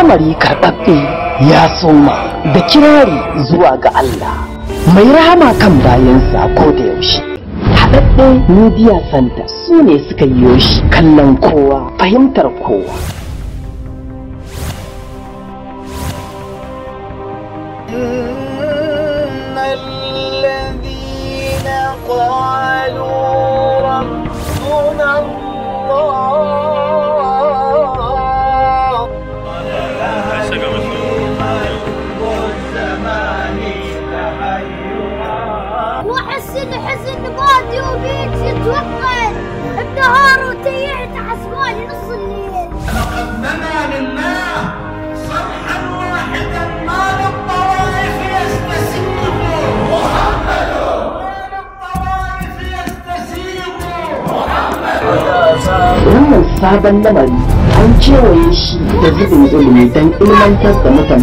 al'amari karɓaɓɓe ya soma da kirari zuwa ga Allah mai rahama kan bayansa ko da yaushe haɗaɗɗe media center su ne suka yi shi kallon kowa fahimtar kowa وحسن حزن بادي وبيت يتوقع النهار وتيعت عسبالي نص الليل لقد منى لله صرحا واحدا ما للطوائف يستسيغوا محمد ما للطوائف يستسيغوا محمد wannan sabon lamari an kewaye shi da zubin ilimi don ilmantar da mutan